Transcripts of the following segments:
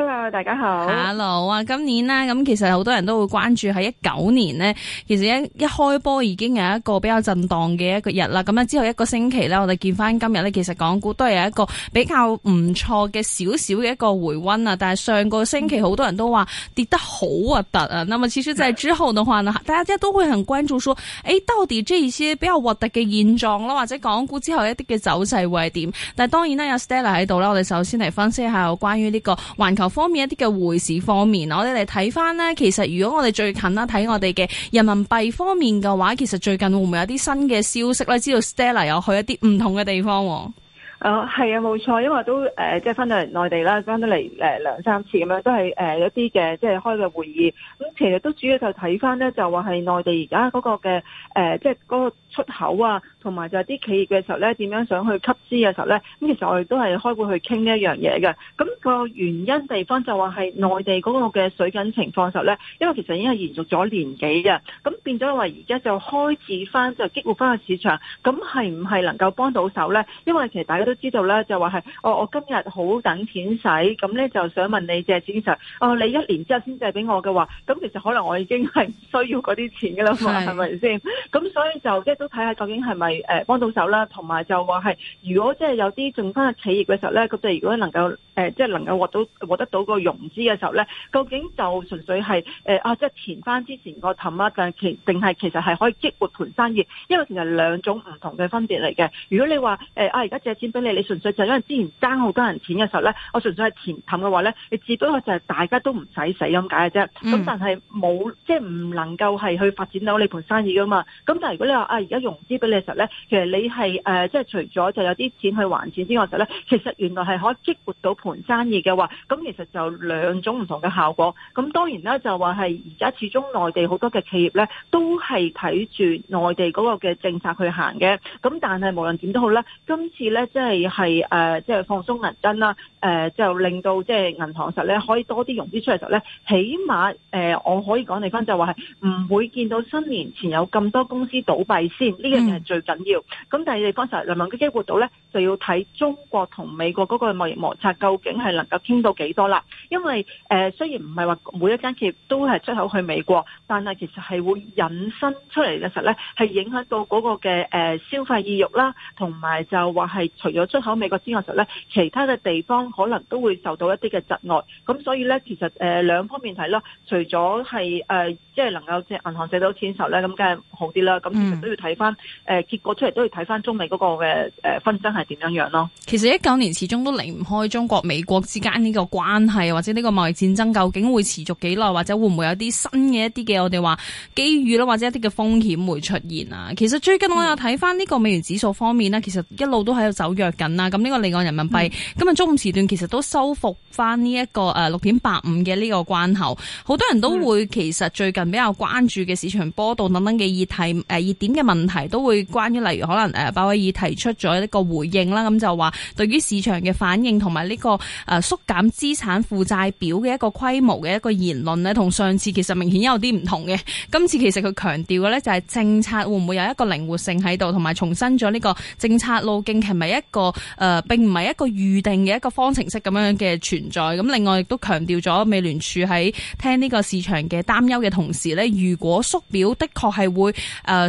hello，大家好。hello 啊，今年呢，咁其實好多人都會關注喺一九年呢。其實一,一開波已經有一個比較震蕩嘅一個日啦。咁之後一個星期呢，我哋見翻今日呢，其實港股都係有一個比較唔錯嘅少少嘅一個回溫啊。但係上個星期好多人都話跌得好啊，跌啊。那麼其實在之後嘅話呢，大家都會很關注說，誒、欸、到底這些比較 w h 嘅現狀啦，或者港股之後一啲嘅走勢會係點？但係當然啦，有 Stella 喺度啦，我哋首先嚟分析下關於呢個環球方面一啲嘅匯市方面，我哋嚟睇翻咧，其實如果我哋最近啦睇我哋嘅人民幣方面嘅話，其實最近會唔會有啲新嘅消息咧？知道 Stella 有去一啲唔同嘅地方？誒、哦，係啊，冇錯，因為都誒、呃，即係翻到嚟內地啦，翻到嚟誒、呃、兩三次咁樣，都係誒一啲嘅，即係開嘅會議。咁其實都主要就睇翻咧，就話係內地而家嗰個嘅誒、呃，即係嗰、那個。出口啊，同埋就係啲企業嘅時候咧，點樣想去吸資嘅時候咧，咁其實我哋都係開會去傾呢一樣嘢嘅。咁個原因地方就話係內地嗰個嘅水緊情況時候咧，因為其實已經係延續咗年幾嘅，咁變咗話而家就開始翻就激活翻個市場，咁係唔係能夠幫到手咧？因為其實大家都知道咧，就話係我我今日好等錢使，咁咧就想問你借錢嘅時候，哦你一年之後先借俾我嘅話，咁其實可能我已經係唔需要嗰啲錢嘅啦嘛，係咪先？咁所以就一。都睇下究竟係咪誒幫到手啦，同埋就話係如果即係有啲進翻嘅企業嘅時候呢，咁就如果能夠即係、呃就是、能夠獲到獲得到個融資嘅時候呢，究竟就純粹係誒、呃、啊即係、就是、填翻之前個氹啊，定係其定係其實係可以激活盤生意，因為其實兩種唔同嘅分別嚟嘅。如果你話誒、呃、啊而家借錢俾你，你純粹就因為之前爭好多人錢嘅時候呢，我純粹係填氹嘅話呢，你只不過就係大家都唔使死咁解嘅啫。咁、嗯、但係冇即係唔能夠係去發展到你盤生意噶嘛。咁但係如果你話啊。而家融資俾你嘅時候咧，其實你係誒，即係除咗就有啲錢去還錢之外嘅時候咧，其實原來係可以激活到盤生意嘅話，咁其實就兩種唔同嘅效果。咁當然啦，就話係而家始終內地好多嘅企業咧，都係睇住內地嗰個嘅政策去行嘅。咁但係無論點都好咧，今次咧即係係誒，即係放鬆銀根啦，誒就令到即係銀行實咧可以多啲融資出嚟嘅時候咧，起碼誒我可以講嚟翻就話係唔會見到新年前有咁多公司倒閉。呢樣嘢係最緊要，咁但係你哋剛才能不能機會到咧，就要睇中國同美國嗰個貿易摩擦究竟係能夠傾到幾多啦。因為誒、呃，雖然唔係話每一間企業都係出口去美國，但係其實係會引申出嚟嘅時候咧，係影響到嗰個嘅誒、呃、消費意欲啦，同埋就話係除咗出口美國之外時候呢，候咧其他嘅地方可能都會受到一啲嘅窒礙。咁所以咧，其實誒兩、呃、方面睇啦，除咗係誒即係能夠借銀行借到錢時候咧，咁梗係好啲啦。咁其實都要睇翻誒結果出嚟，都要睇翻中美嗰個嘅誒紛爭係點樣樣咯。其實一九年始終都離唔開中國美國之間呢個關係。或者呢個貿易戰爭究竟會持續幾耐，或者會唔會有啲新嘅一啲嘅我哋話機遇啦，或者一啲嘅風險會出現啊？其實最近我又睇翻呢個美元指數方面啦、嗯，其實一路都喺度走弱緊啦。咁呢個離岸人民幣、嗯、今日中午時段其實都收復翻呢一個誒六點八五嘅呢個關口。好多人都會其實最近比較關注嘅市場波動等等嘅議題誒熱、呃、點嘅問題，都會關於例如可能誒鮑、呃、威爾提出咗一個回應啦。咁就話對於市場嘅反應同埋呢個誒縮減資產負債表嘅一個規模嘅一個言論咧，同上次其實明顯有啲唔同嘅。今次其實，佢強調嘅咧，就係政策會唔會有一個靈活性喺度，同埋重申咗呢個政策路徑係咪一個誒、呃、並唔係一個預定嘅一個方程式咁樣嘅存在。咁另外亦都強調咗，美聯儲喺聽呢個市場嘅擔憂嘅同時咧，如果縮表的確係會誒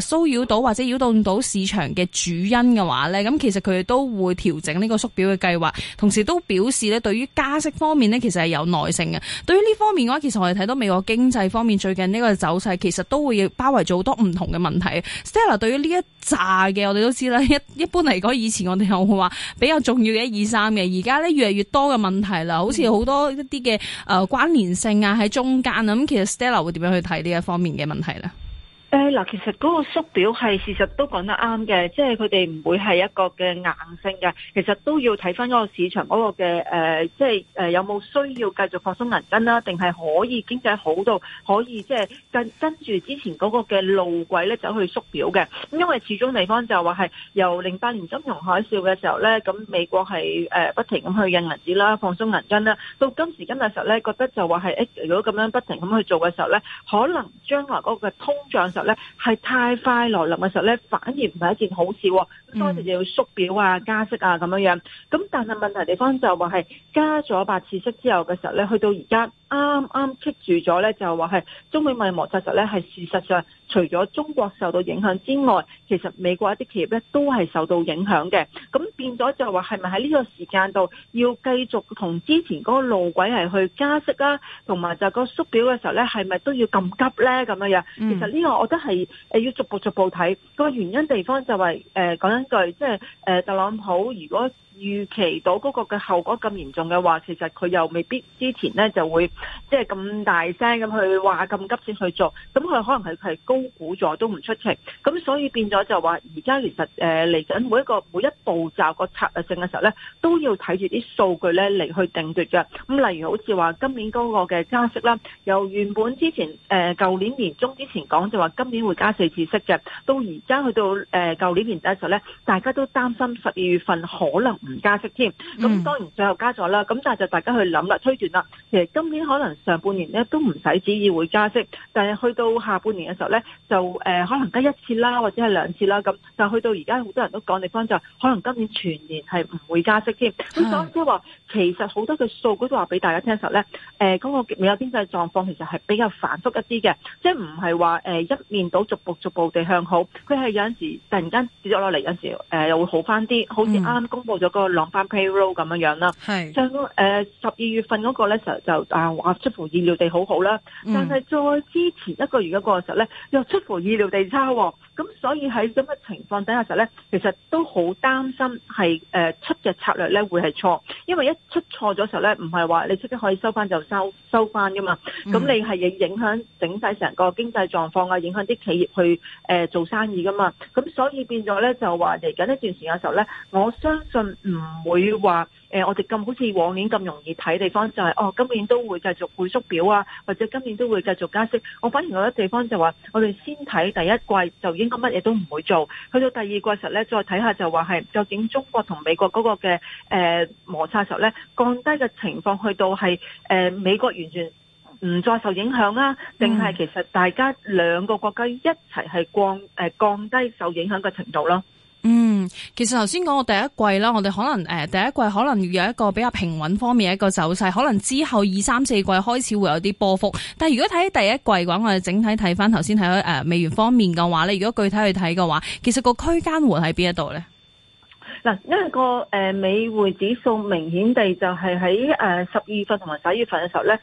騷擾到或者擾動到市場嘅主因嘅話咧，咁其實佢哋都會調整呢個縮表嘅計劃，同時都表示咧，對於加息方面咧，其實係。有耐性嘅，對於呢方面嘅話，其實我哋睇到美國經濟方面最近呢個走勢，其實都會包圍咗好多唔同嘅問題。Stella 對於呢一扎嘅，我哋都知啦，一一般嚟講，以前我哋有話比較重要嘅一二三嘅，而家咧越嚟越多嘅問題啦，好似好多一啲嘅誒關聯性啊喺中間啊，咁、嗯、其實 Stella 會點樣去睇呢一方面嘅問題咧？誒嗱，其實嗰個縮表係事實都講得啱嘅，即係佢哋唔會係一個嘅硬性嘅，其實都要睇翻嗰個市場嗰個嘅誒，即係誒有冇需要繼續放鬆銀根啦，定係可以經濟好到可以即係跟跟住之前嗰個嘅路軌咧走去縮表嘅。因為始終地方就話係由零八年金融海嘯嘅時候咧，咁美國係誒不停咁去印銀紙啦、放鬆銀根啦，到今時今日嘅時候咧，覺得就話係誒如果咁樣不停咁去做嘅時候咧，可能將來嗰個通脹上咧係太快來臨嘅時候咧，反而唔係一件好事啊，嗯。當時就要縮表啊、加息啊咁樣樣。咁但係問題地方就話，係加咗八次息之後嘅時候咧，去到而家啱啱棘住咗咧，就話係中美貿易摩擦實咧，係事實上。除咗中國受到影響之外，其實美國一啲企業咧都係受到影響嘅。咁變咗就話係咪喺呢個時間度要繼續同之前嗰個路軌係去加息啦、啊？同埋就個縮表嘅時候咧，係咪都要咁急咧？咁樣樣、嗯，其實呢個我覺得係誒要逐步逐步睇、個原因地方就係誒講一句，即係誒、呃、特朗普如果。預期到嗰個嘅後果咁嚴重嘅話，其實佢又未必之前咧就會即係咁大聲咁去話咁急先去做，咁佢可能係佢高估咗都唔出奇，咁所以變咗就話而家其實誒嚟緊每一個每一步驟個策略性嘅時候咧，都要睇住啲數據咧嚟去定奪嘅。咁例如好似話今年嗰個嘅加息啦，由原本之前誒舊年年中之前講就話今年會加四次息嘅，到而家去到誒舊年年底嘅時候咧，大家都擔心十二月份可能。唔加息添，咁當然最後加咗啦。咁、嗯、但係就大家去諗啦，推斷啦。其實今年可能上半年咧都唔使指意會加息，但係去到下半年嘅時候咧，就誒、呃、可能得一次啦，或者係兩次啦。咁但係去到而家好多人都講嘅方就係、可能今年全年係唔會加息添。咁所以即係話，其實好多嘅數據都話俾大家聽嘅時候咧，嗰、呃那個美國經濟狀況其實係比較反覆一啲嘅，即係唔係話誒一面倒逐步逐步地向好，佢係有陣時突然間跌咗落嚟，有、呃、時又會好翻啲，好似啱啱公布咗。那個浪翻 payroll 咁樣樣啦，上誒十二月份嗰個咧就就啊，話出乎意料地好好啦，嗯、但係再之前一個月嗰個時候咧，又出乎意料地差喎、哦。咁所以喺咁嘅情況底下時候咧，其實都好擔心係誒出嘅策略咧會係錯，因為一出錯咗時候咧，唔係話你即刻可以收翻就收收翻噶嘛，咁你係影影響整曬成個經濟狀況啊，影響啲企業去誒做生意噶嘛，咁所以變咗咧就話嚟緊一段時間時候咧，我相信唔會話。呃、我哋咁好似往年咁容易睇地方，就係、是、哦，今年都會繼續回縮表啊，或者今年都會繼續加息。我反而覺得地方就話，我哋先睇第一季就應該乜嘢都唔會做，去到第二季時咧再睇下，就話係究竟中國同美國嗰個嘅誒摩擦時咧降低嘅情況，去到係誒、呃、美國完全唔再受影響啦、啊，定、嗯、係其實大家兩個國家一齊係降、呃、降低受影響嘅程度咯？嗯、其實頭先講我第一季啦，我哋可能誒、呃、第一季可能有一個比較平穩方面嘅一個走勢，可能之後二三四季開始會有啲波幅。但係如果睇第一季嘅話，我哋整體睇翻，頭先睇誒美元方面嘅話咧，如果具體去睇嘅話，其實個區間會喺邊一度咧？嗱，因為個誒美匯指數明顯地就係喺誒十二月份同埋十一月份嘅時候咧。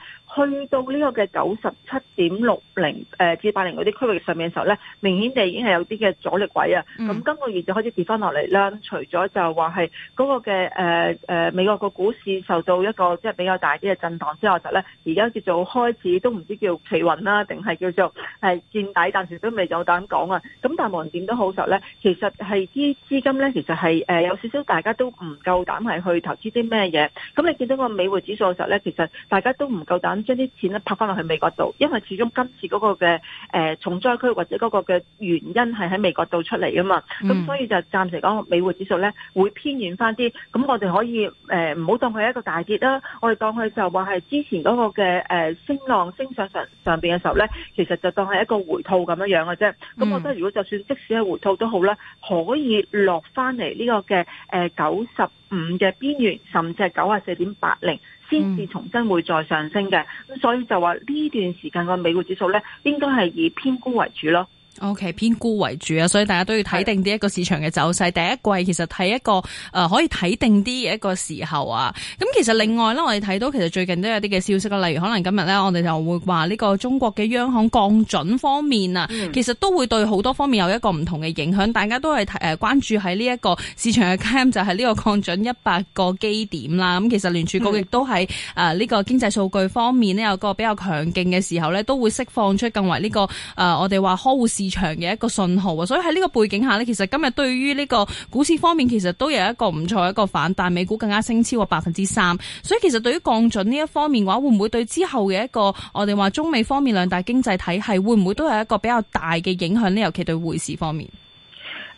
去到呢個嘅九十七點六零誒至八零嗰啲區域上面嘅時候咧，明顯地已經係有啲嘅阻力位啊。咁、嗯、今個月就開始跌翻落嚟啦。除咗就話係嗰個嘅誒誒美國個股市受到一個即係比較大啲嘅震盪之後，就咧而家叫做開始都唔知叫企穩啦，定係叫做係見底，但係都未有膽講啊。咁但係無論點都好受時咧，其實係啲資金咧，其實係誒、呃、有少少大家都唔夠膽係去投資啲咩嘢。咁你見到個美匯指數嘅時候咧，其實大家都唔夠膽。將啲錢咧拍翻落去美國度，因為始終今次嗰個嘅誒重災區或者嗰個嘅原因係喺美國度出嚟噶嘛，咁、嗯、所以就暫時講美匯指數咧會偏遠翻啲。咁我哋可以誒唔好當佢一個大跌啦，我哋當佢就話係之前嗰個嘅誒升浪升上上上邊嘅時候咧，其實就當係一個回吐咁樣樣嘅啫。咁、嗯、我覺得如果就算即使係回吐都好啦，可以落翻嚟呢個嘅誒九十五嘅邊緣，甚至係九十四點八零。先至重新會再上升嘅。咁所以就話呢段時間嘅美國指數咧，應該係以偏高為主咯。O.K. 偏估為主啊，所以大家都要睇定啲一個市場嘅走勢，第一季其實係一個誒、呃、可以睇定啲嘅一個時候啊。咁其實另外呢我哋睇到其實最近都有啲嘅消息啊，例如可能今日咧，我哋就會話呢個中國嘅央行降準方面啊、嗯，其實都會對好多方面有一個唔同嘅影響。大家都係睇誒關注喺呢一個市場嘅 cap 就係呢個降準一百個基點啦。咁其實聯儲局亦都係誒呢個經濟數據方面咧有個比較強勁嘅時候咧，都會釋放出更為呢、這個誒、呃、我哋話呵護市。場嘅一個信號，所以喺呢個背景下，其實今日對於呢個股市方面，其實都有一個唔錯嘅一個反彈，但美股更加升超過百分之三，所以其實對於降準呢一方面嘅話，會唔會對之後嘅一個我哋話中美方面兩大經濟體系，會唔會都有一個比較大嘅影響呢？尤其對匯市方面。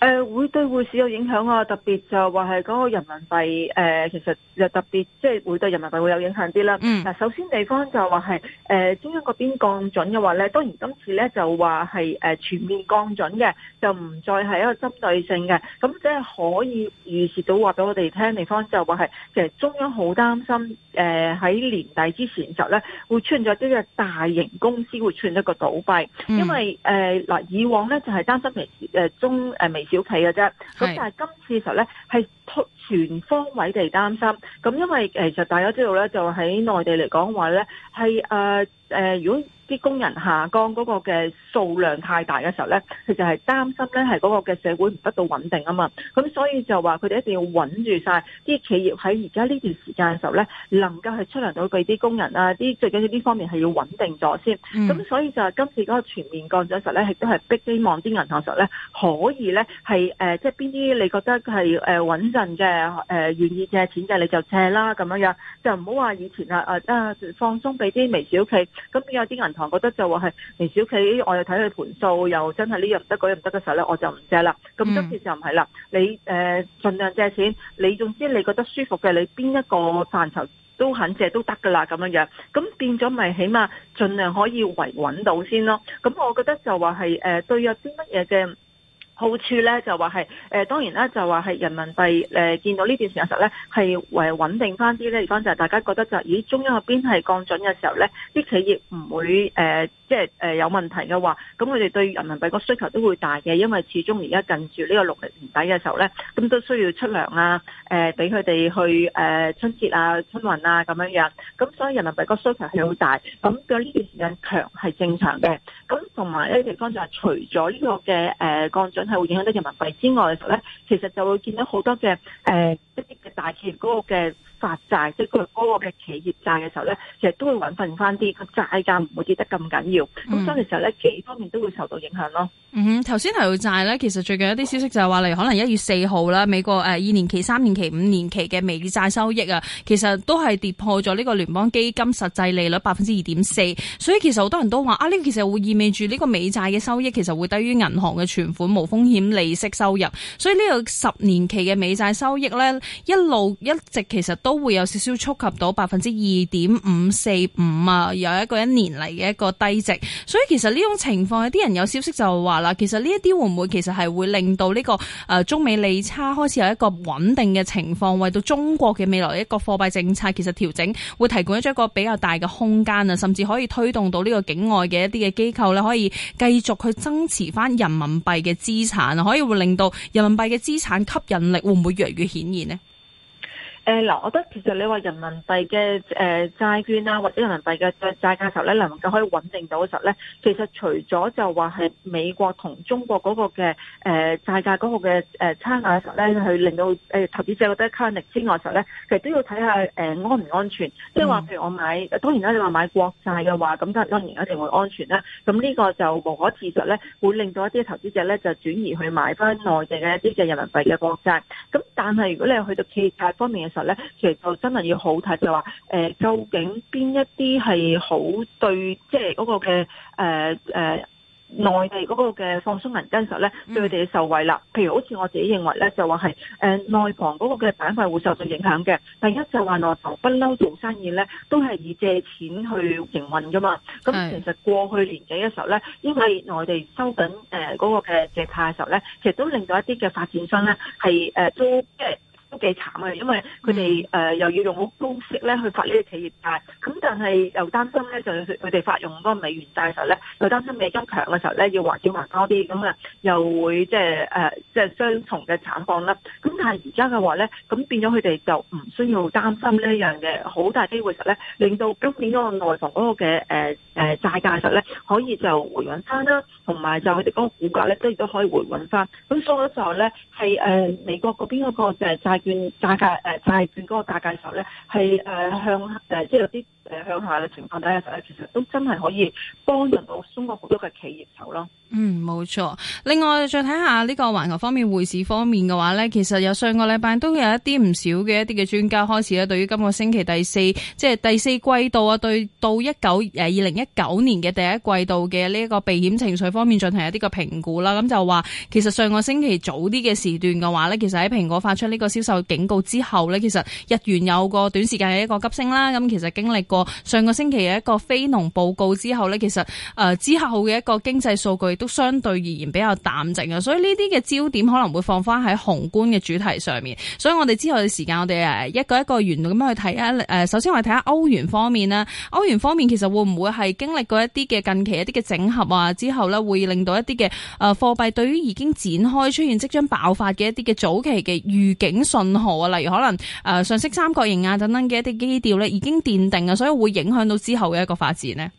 誒、呃、會對匯市有影響啊！特別就話係嗰個人民幣，誒、呃、其實又特別即係會對人民幣會有影響啲啦。嗱、嗯，首先地方就話係、呃、中央嗰邊降準嘅話咧，當然今次咧就話係、呃、全面降準嘅，就唔再係一個針對性嘅。咁即係可以預示到話俾我哋聽，地方就話係其實中央好擔心誒喺、呃、年底之前就呢咧會出現咗一個大型公司會出現一個倒閉，嗯，因為誒嗱、呃呃、以往咧就係擔心微誒、呃、中誒、呃、微。小企嘅啫，咁但係今次嘅時候咧，係全全方位地擔心，咁因為其實大家知道咧，就喺內地嚟講話咧，係誒誒，如果。啲工人下崗嗰個嘅數量太大嘅時候咧，佢就係擔心咧，係嗰個嘅社會唔得到穩定啊嘛。咁所以就話佢哋一定要穩住晒啲企業喺而家呢段時間嘅時候咧，能夠係出糧到俾啲工人啊，啲最緊要呢方面係要穩定咗先。咁、mm. 所以就係今次嗰個全面降咗時候咧，亦都係逼希望啲銀行時候咧可以咧係誒，即係邊啲你覺得係誒穩陣嘅誒、呃、願意借錢嘅你就借啦咁樣樣，就唔好話以前啊啊啊放鬆俾啲微小企，咁有啲銀。行 覺得就話係微小企，我又睇佢盤數，又真係呢樣唔得，嗰樣唔得嘅時候咧，我就唔借啦。咁今次就唔係啦，你誒、呃、盡量借錢，你總之你覺得舒服嘅，你邊一個範疇都肯借都得㗎啦，咁樣樣，咁變咗咪起碼盡量可以維穩到先咯。咁我覺得就話係誒對有啲乜嘢嘅好處咧就話係誒當然啦，就話係人民幣誒見到呢段時間時候咧係穩定翻啲咧，地方就係大家覺得就係、咦中央入邊係降準嘅時候咧，啲企業唔會誒即係誒有問題嘅話，咁佢哋對人民幣個需求都會大嘅，因為始終而家近住呢個六月年底嘅時候咧，咁都需要出糧啊誒俾佢哋去誒春節啊春運啊咁樣樣，咁所以人民幣個需求係好大，咁嘅呢段時間強係正常嘅，咁同埋一啲地方就係除咗呢個嘅誒降準。係會影響到人民幣之外咧，其實就會見到好多嘅誒一啲嘅大企業嗰個嘅。發債即係佢嗰個嘅企業債嘅時候咧，其實都會穩陣翻啲，個債價唔會跌得咁緊要。咁所以其實咧幾方面都會受到影響咯。嗯，頭先提到債咧，其實最近一啲消息就係話，例如可能一月四號啦，美國誒二年期、三年期、五年期嘅美債收益啊，其實都係跌破咗呢個聯邦基金實際利率百分之二點四。所以其實好多人都話啊，呢個其實會意味住呢個美債嘅收益其實會低於銀行嘅存款無風險利息收入。所以呢個十年期嘅美債收益咧，一路一直其實都都會有少少觸及到百分之二點五四五啊，有一個一年嚟嘅一個低值，所以其實呢種情況有啲人有消息就話啦，其實呢一啲會唔會其實係會令到呢、這個誒、呃、中美利差開始有一個穩定嘅情況，為到中國嘅未來一個貨幣政策其實調整會提供咗一個比較大嘅空間啊，甚至可以推動到呢個境外嘅一啲嘅機構咧，可以繼續去增持翻人民幣嘅資產，可以會令到人民幣嘅資產吸引力會唔會越嚟越顯現咧？誒、呃、嗱，我覺得其實你話人民幣嘅誒債券啊，或者人民幣嘅債債價頭咧能夠可以穩定到嘅時候咧，其實除咗就話係美國同中國嗰個嘅誒債價嗰個嘅誒差額嘅時候咧，去令到誒投資者覺得 carry 之外嘅時候咧，其實都要睇下誒、呃、安唔安全。即係話譬如我買，當然啦，你話買國債嘅話，咁當然一定會安全啦。咁呢個就無可置疑咧，會令到一啲投資者咧就轉移去買翻內地嘅一啲嘅人民幣嘅國債。咁但係如果你去到企業債方面嘅時候，咧，其實就真係要好睇，就話、是、誒、呃，究竟邊一啲係好對，即係嗰個嘅誒誒內地嗰個嘅放鬆銀根時候咧，對佢哋嘅受惠啦。譬如好似我自己認為咧，就話係誒內房嗰個嘅板塊會受到影響嘅。第一就話內房不嬲做生意咧，都係以借錢去營運噶嘛。咁其實過去年幾嘅時候咧，因為內地收緊誒嗰個嘅借貸嘅時候咧，其實都令到一啲嘅發展商咧係誒都即係。都幾慘啊！因為佢哋誒又要用好高息咧去發呢啲企業債，咁但係又擔心咧，就佢哋發用嗰個美元債嘅時候咧，又擔心美金強嘅時候咧，要還繳還多啲咁啊，又會即係誒即係雙重嘅慘況啦。咁但係而家嘅話咧，咁變咗佢哋就唔需要擔心呢樣嘅好大機會實咧，令到今年嗰個內房嗰個嘅誒誒債價實咧可以就回穩翻啦，同埋就佢哋嗰個股價咧都亦都可以回穩翻。咁所以嘅時候咧係誒美國嗰邊嗰個誒段架價誒債券嗰個咧，係誒向誒即係有啲誒向下嘅情況底下咧，其實都真係可以幫到中國好多嘅企業手咯。嗯，冇錯。另外再睇下呢個環球方面匯市方面嘅話咧，其實有上個禮拜都有一啲唔少嘅一啲嘅專家開始咧，對於今個星期第四即係第四季度啊，對到一九誒二零一九年嘅第一季度嘅呢一個避險情緒方面進行一啲嘅評估啦。咁就話其實上個星期早啲嘅時段嘅話咧，其實喺蘋果發出呢個消息。就警告之後咧，其實日元有個短時間嘅一個急升啦。咁其實經歷過上個星期嘅一個非農報告之後咧，其實誒之後嘅一個經濟數據都相對而言比較淡靜啊。所以呢啲嘅焦點可能會放翻喺宏觀嘅主題上面。所以我哋之後嘅時間，我哋誒一個一個沿路咁樣去睇下誒。首先我哋睇下歐元方面啦。歐元方面其實會唔會係經歷過一啲嘅近期一啲嘅整合啊？之後咧會令到一啲嘅誒貨幣對於已經展開出現即將爆發嘅一啲嘅早期嘅預警訊號啊，例如可能誒上升三角形啊等等嘅一啲基調咧，已經奠定啊，所以會影響到之後嘅一個發展咧。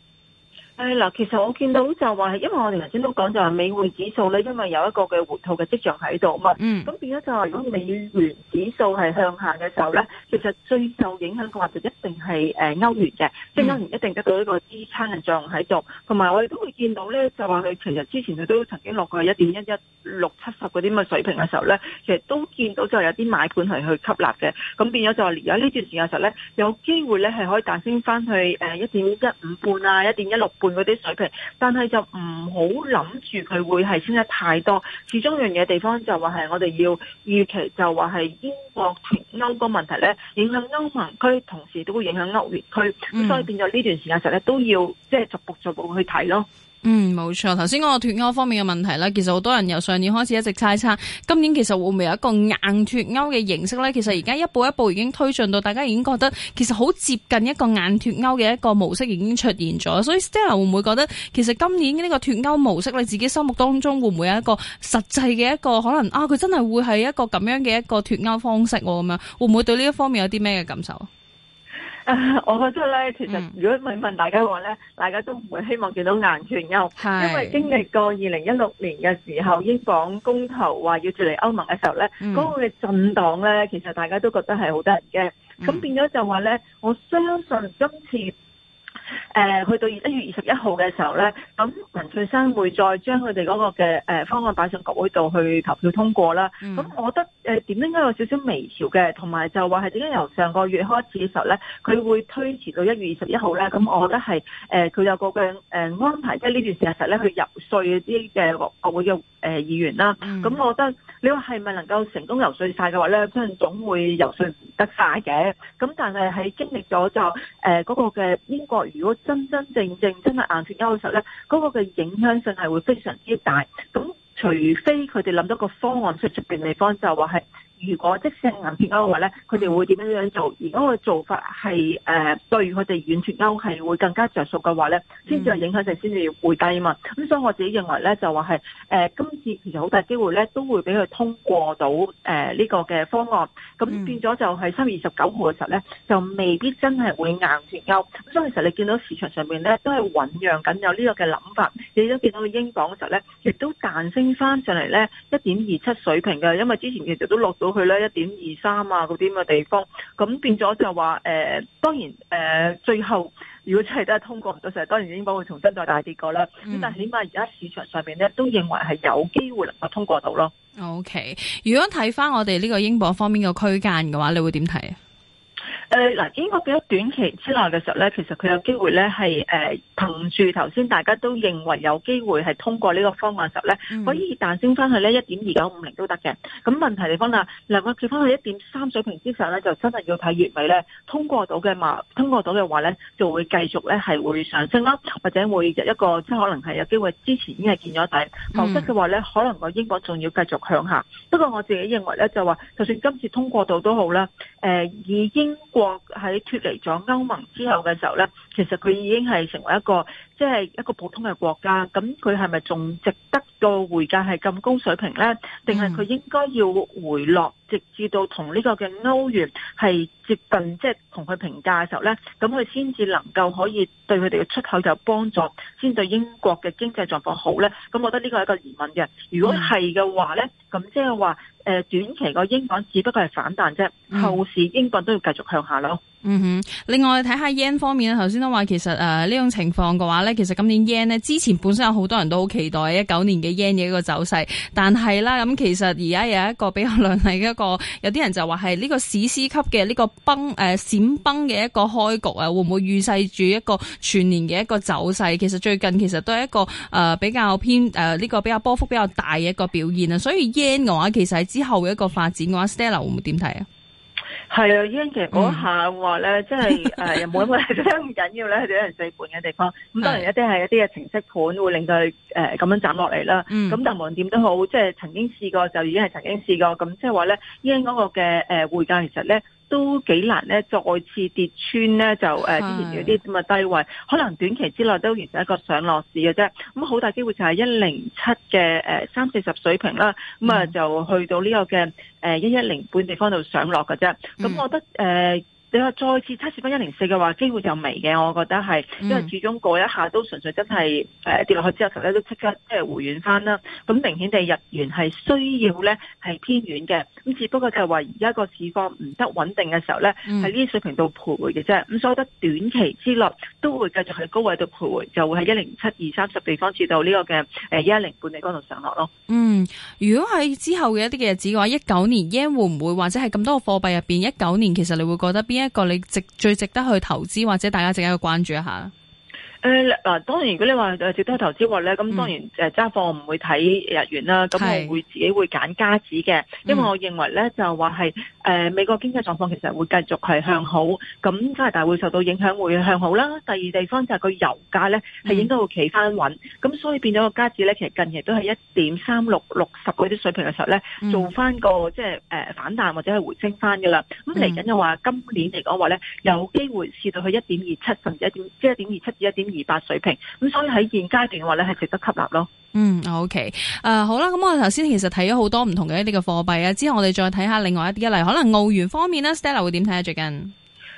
誒，嗱，其實我見到就話係，因為我哋頭先都講就係美匯指數咧，因為有一個嘅回吐嘅跡象喺度，嘛、嗯。咁變咗就話如果美元指數係向下嘅時候咧，其實最受影響嘅話就一定係誒、呃、歐元嘅，即係歐元一定得到一個支撐嘅作用喺度。同、嗯、埋我哋都會見到咧，就話佢其實之前佢都曾經落過一點一一六七十嗰啲咁嘅水平嘅時候咧，其實都見到就係有啲買盤係去吸納嘅，咁變咗就話而家呢段時間嘅時候咧，有機會咧係可以大升翻去誒一點一五半啊，一點一六。伴嗰啲水平，但係就唔好諗住佢會係升得太多。始終一樣嘢地方就話係我哋要預期，就話係英國脱歐個問題咧，影響歐盟區，同時都會影響歐元區，咁所以變咗呢段時間時咧都要即係逐步逐步去睇咯。嗯，冇錯。頭先講個脫歐方面嘅問題啦，其實好多人由上年開始一直猜測，今年其實會唔會有一個硬脫歐嘅形式呢？其實而家一步一步已經推進到，大家已經覺得其實好接近一個硬脫歐嘅一個模式已經出現咗。所以 Stella 會唔會覺得，其實今年呢個脫歐模式，你自己心目當中會唔會有一個實際嘅一個可能啊？佢真係會係一個咁樣嘅一個脫歐方式咁樣？會唔會對呢一方面有啲咩嘅感受？ 我覺得咧，其實如果問問大家話咧、嗯，大家都唔會希望見到硬脫歐，因為經歷過二零一六年嘅時候，英國公投話要住嚟歐盟嘅時候咧，嗰、嗯那個嘅震盪咧，其實大家都覺得係好得人驚，咁、嗯、變咗就話咧，我相信今次。誒、呃、去到一月二十一號嘅時候咧，咁文翠珊會再將佢哋嗰個嘅誒、呃、方案擺上國會度去投票通過啦。咁、嗯、我覺得誒、呃、點應該有少少微調嘅，同埋就話係點解由上個月開始嘅時候咧，佢會推遲到一月二十一號咧？咁我覺得係誒佢有個嘅誒、呃、安排在這，即係呢段時日實咧去入稅啲嘅國國會嘅。誒、嗯、議員啦，咁我覺得你話係咪能夠成功游説晒嘅話呢？可能總會游説得晒嘅。咁但係喺經歷咗之後，誒、呃、嗰、那個嘅英國如果真真正正真係硬脱歐嘅時候呢，嗰、那個嘅影響性係會非常之大。咁除非佢哋諗到個方案出出邊地方，就話係。如果即使係硬脱歐嘅話咧，佢哋會點樣樣做？如果個做法係誒、呃、對佢哋軟脱歐係會更加着數嘅話咧，先至係影響性，先至會低啊嘛。咁所以我自己認為咧，就話係誒今次其實好大機會咧，都會俾佢通過到誒呢、呃這個嘅方案。咁變咗就係三月二十九號嘅時候咧，就未必真係會硬脱歐。咁所以其實你見到市場上邊咧都係醞釀緊有呢個嘅諗法。你都見到佢英鎊嘅時候咧，亦都彈升翻上嚟咧一點二七水平嘅，因為之前其實都落到，去咧一點二三啊，嗰啲咁嘅地方，咁變咗就話誒、呃，當然誒、呃，最後如果真係都係通過唔到成，當然英鎊會重新再大跌過啦。咁、嗯、但係起碼而家市場上面咧都認為係有機會能夠通過到咯。OK，如果睇翻我哋呢個英鎊方面嘅區間嘅話，你會點睇啊？誒嗱，英國喺短期之內嘅時候咧，其實佢有機會咧係誒憑住頭先大家都認為有機會係通過呢個方案嘅時候咧、嗯，可以彈升翻去呢一點二九五零都得嘅。咁問題地方啦，嗱，我跌翻去一點三水平之上咧，就真係要睇月尾咧通過到嘅嘛。通過到嘅話咧，就會繼續咧係會上升咯，或者會有一個即係可能係有機會之前已經係見咗底，否則嘅話咧，可能個、嗯、英國仲要繼續向下。不過我自己認為咧，就話就算今次通過到都好啦，誒、呃、以英國。喺脫離咗歐盟之後嘅時候咧，其實佢已經係成為一個即係、就是、一個普通嘅國家。咁佢係咪仲值得個匯價係咁高水平咧？定係佢應該要回落？直至到同呢個嘅歐元係接近，即係同佢評價嘅時候咧，咁佢先至能夠可以對佢哋嘅出口有幫助，先對英國嘅經濟狀況好咧。咁我覺得呢個係一個疑問嘅。如果係嘅話咧，咁即係話誒短期個英鎊只不過係反彈啫，後市英國都要繼續向下咯。嗯哼，另外睇下 yen 方面啊，頭先都話其實誒呢、呃、種情況嘅話咧，其實今年 yen 之前本身有好多人都好期待一九年嘅 yen 嘅一個走勢，但係啦咁其實而家有一個比較亮麗嘅一個，有啲人就話係呢個史詩級嘅呢、這個崩誒閃、呃、崩嘅一個開局啊，會唔會預示住一個全年嘅一個走勢？其實最近其實都係一個誒、呃、比較偏誒呢、呃這個比較波幅比較大嘅一個表現啊，所以 yen 嘅話，其實喺之後嘅一個發展嘅話，Stella 會唔會點睇啊？係啊已 e 其實嗰下話咧，即係誒，又冇乜人爭唔緊要咧，都有人四盤嘅地方。咁當然一啲係一啲嘅程式盤會令佢誒咁樣斬落嚟啦。咁但無論點都好，即、就、係、是、曾經試過就已經係曾經試過。咁即係話咧已經嗰個嘅誒、呃、價價其實咧。都幾難咧，再次跌穿咧就誒之前嗰啲咁嘅低位，可能短期之內都完成一個上落市嘅啫。咁好大機會就係一零七嘅誒三四十水平啦。咁、嗯、啊就去到呢個嘅誒一一零半地方度上落嘅啫。咁我覺得誒。嗯呃你話再次測試翻一零四嘅話，機會就微嘅，我覺得係，因為始終過一下都純粹真係誒跌落去之後頭咧都即刻即係回軟翻啦。咁明顯地日元係需要咧係偏軟嘅，咁只不過就係話而家個市況唔得穩定嘅時候咧，喺呢啲水平度徘徊嘅啫。咁所以得短期之內都會繼續喺高位度徘徊，就會喺一零七二三十地方至到呢個嘅誒一零半嘅高度上落咯。嗯，如果係之後嘅一啲嘅日子嘅話，一九年耶會唔會或者係咁多個貨幣入邊一九年其實你會覺得邊？一個你值最值得去投資，或者大家值得去關注一下。誒、呃、嗱，當然，如果你話誒值得投資話咧，咁當然誒揸貨，唔會睇日元啦。咁、嗯、我會自己會揀加紙嘅，因為我認為咧，就話係誒美國經濟狀況其實會繼續係向好，咁加拿大會受到影響，會向好啦。第二地方就係個油價咧，係應該會企翻穩，咁所以變咗個加紙咧，其實近期都係一點三六六十嗰啲水平嘅時候咧、嗯，做翻個即係誒反彈或者係回升翻噶啦。咁嚟緊就話、嗯、今年嚟講話咧，有機會試到去一點二七甚至一點即係一點二七至一點二八水平，咁所以喺現階段嘅話咧，係值得吸納咯。嗯，OK，誒，好啦，咁我哋頭先其實睇咗好多唔同嘅一啲嘅貨幣啊，之後我哋再睇下另外一啲嘅，例如可能澳元方面咧，Stella 會點睇啊？最近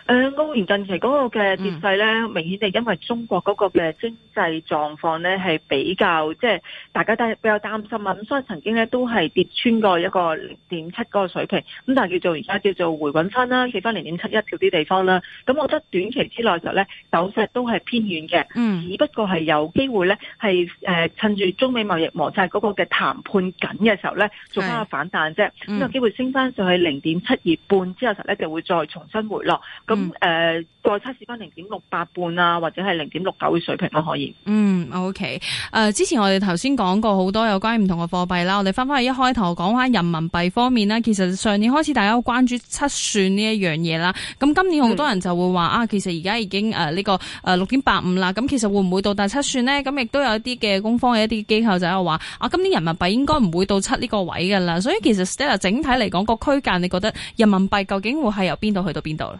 誒澳元近期嗰個嘅跌勢咧，明顯係因為中國嗰個嘅經濟狀況咧係比較即係、就是、大家都係比較擔心啊。咁所以曾經咧都係跌穿過一個零點七個水平，咁但係叫做而家叫做回穩翻啦，企翻零點七一嗰啲地方啦。咁我覺得短期之內就咧走勢都係偏軟嘅、嗯，只不過係有機會咧係、呃、趁住中美貿易摩擦嗰個嘅談判緊嘅時候咧做翻個反彈啫，咁有機會升翻上去零點七二半之後實咧就會再重新回落。再測試翻零點六八半啊，或者係零點六九嘅水平都可以。嗯，OK、呃。誒，之前我哋頭先講過好多有關唔同嘅貨幣啦。我哋翻返去一開頭講翻人民幣方面啦。其實上年開始大家關注七算呢一樣嘢啦。咁今年好多人就會話、嗯、啊，其實而家已經誒呢、呃這個誒六點八五啦。咁、呃、其實會唔會到達七算呢，咁亦都有一啲嘅供方嘅一啲機構就喺度話啊，今年人民幣應該唔會到七呢個位㗎啦。所以其實 Stella 整體嚟講個區間，你覺得人民幣究竟會係由邊度去到邊度？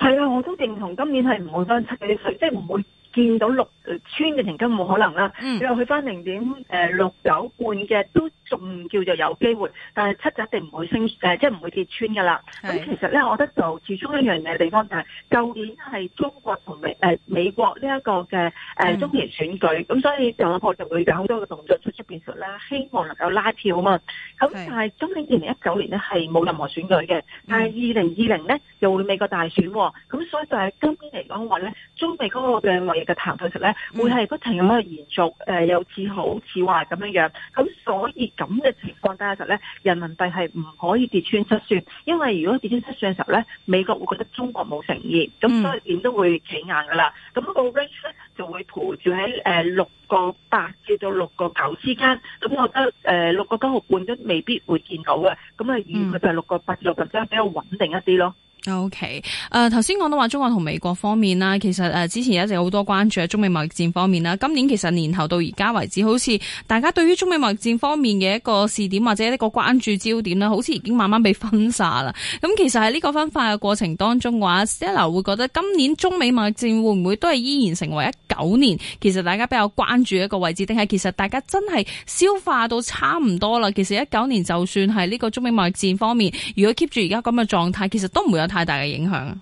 係啊，我都認同今年係唔會翻出啲水，即係唔會。見到六、呃、村嘅情況冇可能啦，你、嗯、話去翻零點誒六九半嘅都仲叫做有機會，但係七仔一定唔會升，誒即係唔會跌穿噶啦。咁其實咧，我覺得就始終一樣嘅地方就係舊年係中國同美誒、呃、美國呢一個嘅誒、呃、中期選舉，咁、嗯嗯、所以特朗普就會有好多嘅動作出出變數啦，希望能夠拉票啊嘛。咁但係今年二零一九年咧係冇任何選舉嘅，但係二零二零咧又會美國大選，啊，咁所以就係今年嚟講話咧，中美嗰個嘅圍。嘅談判實咧會係不停咁樣延續，誒又似好似壞咁樣樣，咁所以咁嘅情況底下實咧人民幣係唔可以跌穿七算，因為如果跌穿七算嘅時候咧，美國會覺得中國冇誠意，咁所以點都會企硬噶啦，咁、那個 range 咧就會盤住喺誒六個八至到六個九之間，咁我覺得誒六個九毫半都未必會見到嘅。咁啊預佢就六個八六個九比較穩定一啲咯。O K，誒，頭先講到話中國同美國方面啦，其實誒，之前一直好多關注喺中美貿易戰方面啦。今年其實年頭到而家為止，好似大家對於中美貿易戰方面嘅一個試點或者一個關注焦點咧，好似已經慢慢被分散啦。咁其實喺呢個分化嘅過程當中嘅話，Stella 會覺得今年中美貿易戰會唔會都係依然成為一九年其實大家比較關注一個位置，定係其實大家真係消化到差唔多啦。其實一九年就算係呢個中美貿易戰方面，如果 keep 住而家咁嘅狀態，其實都唔會有。太大嘅影響。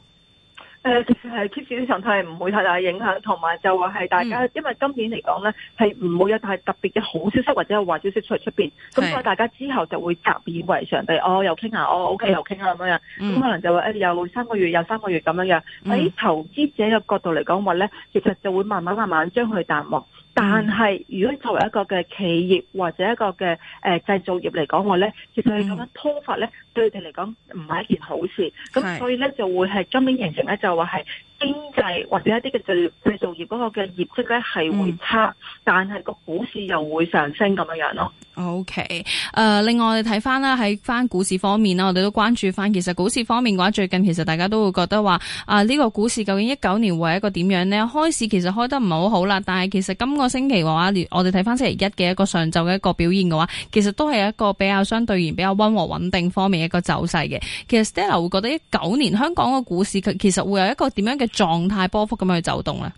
誒、呃，其實係 keep 住啲常態，唔 會太大嘅影響。同埋就話係大家、嗯，因為今年嚟講咧，係唔會有太特別嘅好消息或者壞消息出嚟出邊。咁所以大家之後就會習以為常地。地哦又傾下，哦 O、okay, K 又傾下咁樣。咁、嗯、可能就話誒，有三個月，有三個月咁樣樣。喺投資者嘅角度嚟講，話咧，其實就會慢慢慢慢將佢淡忘。但係，如果作為一個嘅企業或者一個嘅誒、呃、製造業嚟講，我咧，其實你咁樣拖法咧，對佢哋嚟講唔係一件好事。咁所以咧，就會係將邊形成咧，就話係。經濟或者一啲嘅製製造業嗰個嘅業績咧係會差，嗯、但係個股市又會上升咁樣樣咯。OK，誒、呃，另外我哋睇翻啦，喺翻股市方面啦，我哋都關注翻。其實股市方面嘅話，最近其實大家都會覺得話啊，呢、呢個股市究竟一九年會係一個點樣呢？開市其實開得唔係好好啦，但係其實今個星期嘅話，我哋睇翻星期一嘅一個上晝嘅一個表現嘅話，其實都係一個比較相對而言比較温和穩定方面嘅一個走勢嘅。其實 Stella 會覺得一九年香港嘅股市佢其實會有一個點樣嘅狀態波幅咁樣去走動啦。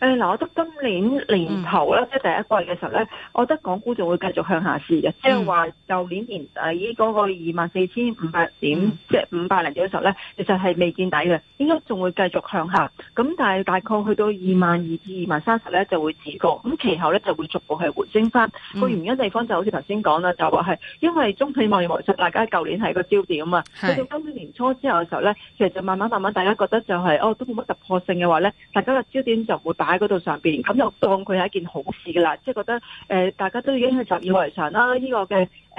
誒、呃、嗱，我覺得今年年頭咧、嗯，即第一季嘅時候咧，我覺得港股仲會繼續向下試嘅，即係話舊年年底嗰個二萬四千五百點，嗯、即係五百零幾點嘅時候咧，其實係未見底嘅，應該仲會繼續向下。咁但係大概去到二萬二至二萬三十咧就會止過，咁其後咧就會逐步係回升翻。個、嗯、原因地方就好似頭先講啦，就話係因為中美貿易模式，大家舊年係個焦點啊嘛，到今年年初之後嘅時候咧，其實就慢慢慢慢大家覺得就係、是、哦都冇乜突破性嘅話咧，大家嘅焦點就會喺嗰度上邊咁就當佢係一件好事噶啦，即係覺得誒、呃，大家都已經係習以為常啦，呢、呢個嘅。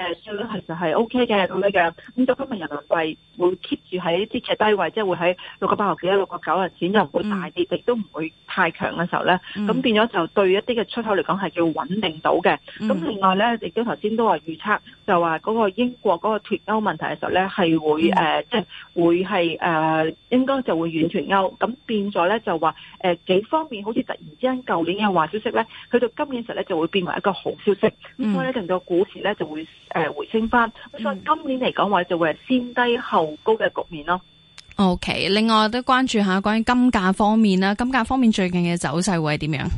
誒、OK，利率其實係 O K 嘅咁樣樣，咁就今日人民幣會 keep 住喺啲嘅低位，即係會喺六個八毫幾、六個九嘅錢，又唔會大跌，亦都唔會太強嘅時候咧，咁、嗯、變咗就對一啲嘅出口嚟講係叫穩定到嘅。咁、嗯、另外咧，亦都頭先都話預測，就話嗰個英國嗰個脱歐問題嘅時候咧，係、嗯呃就是、會誒，即係會係誒，應該就會完脱歐。咁變咗咧，就話誒幾方面好似突然之間舊年嘅壞消息咧，去到今年時候咧就會變為一個好消息。咁、嗯、所以咧，令到股市咧就會。誒，回升翻，所以今年嚟講話就會係先低後高嘅局面咯。OK，另外都關注下關於金價方面啦，金價方面最近嘅走勢會係點樣？誒、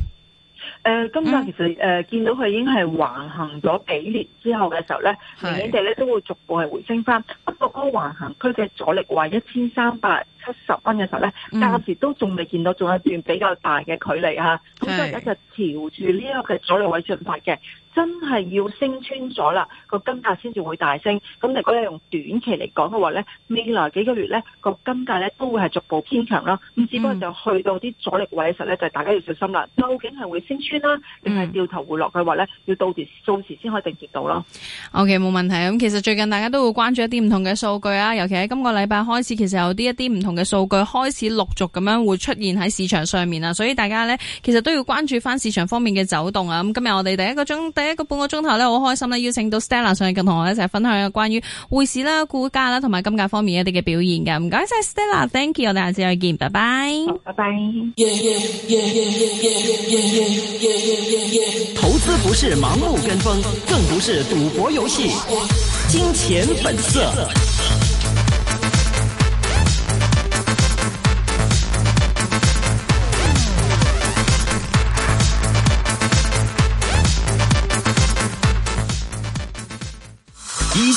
呃，金價、嗯、其實誒、呃、見到佢已經係橫行咗幾年之後嘅時候咧，你哋咧都會逐步係回升翻，不過嗰個橫行區嘅阻力位一千三百。七十蚊嘅時候咧，暫時都仲未見到，仲有一段比較大嘅距離吓。咁、嗯、所以一就調住呢一個嘅阻力位進發嘅，真係要升穿咗啦，個金價先至會大升。咁如果係用短期嚟講嘅話咧，未來幾個月咧個金價咧都會係逐步偏強啦。咁只不過就去到啲阻力位嘅時候咧、嗯，就是、大家要小心啦。究竟係會升穿啦，定係掉頭回落嘅話咧，要到時到時先可以定結到啦。OK，冇問題。咁其實最近大家都會關注一啲唔同嘅數據啊，尤其喺今個禮拜開始，其實有啲一啲唔同。嘅數據開始陸續咁樣會出現喺市場上面啊，所以大家呢其實都要關注翻市場方面嘅走動啊。咁今日我哋第一個鐘第一個半個鐘頭呢，好開心咧邀請到 Stella 上嚟同我一齊分享關於匯市啦、股價啦同埋金價方面的一啲嘅表現嘅。唔該晒 Stella，Thank you，我哋下次再見，拜拜。好，拜拜。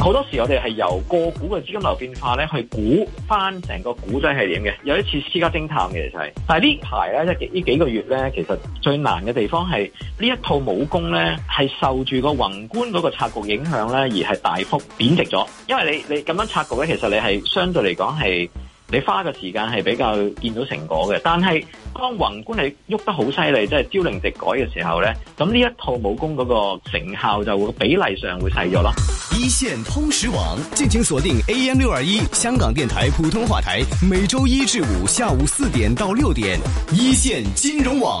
好多時我哋係由個股嘅資金流變化咧，去估翻成個股仔係點嘅，有啲似私家偵探嘅其實係。但係呢排咧，即係呢幾個月咧，其實最難嘅地方係呢一套武功咧，係受住個宏觀嗰個拆局影響咧，而係大幅貶值咗。因為你你咁樣拆局咧，其實你係相對嚟講係。你花嘅時間係比較見到成果嘅，但係當宏觀你喐得好犀利，即係朝令夕改嘅時候咧，咁呢一套武功嗰個成效就會比例上會細咗咯。一線通識網，敬請鎖定 AM 六二一香港電台普通話台，每周一至五下午四點到六點。一線金融網。